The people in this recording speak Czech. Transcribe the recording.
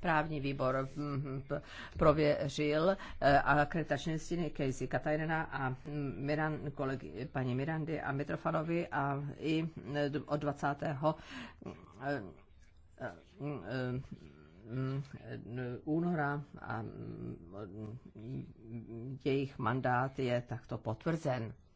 právní výbor hm, hm, prověřil eh, akreditační listiny Casey Katajnena a Miran, kolegy, paní Mirandy a Mitrofanovi a i eh, od 20. Eh, hm, února a jejich mandát je takto potvrzen.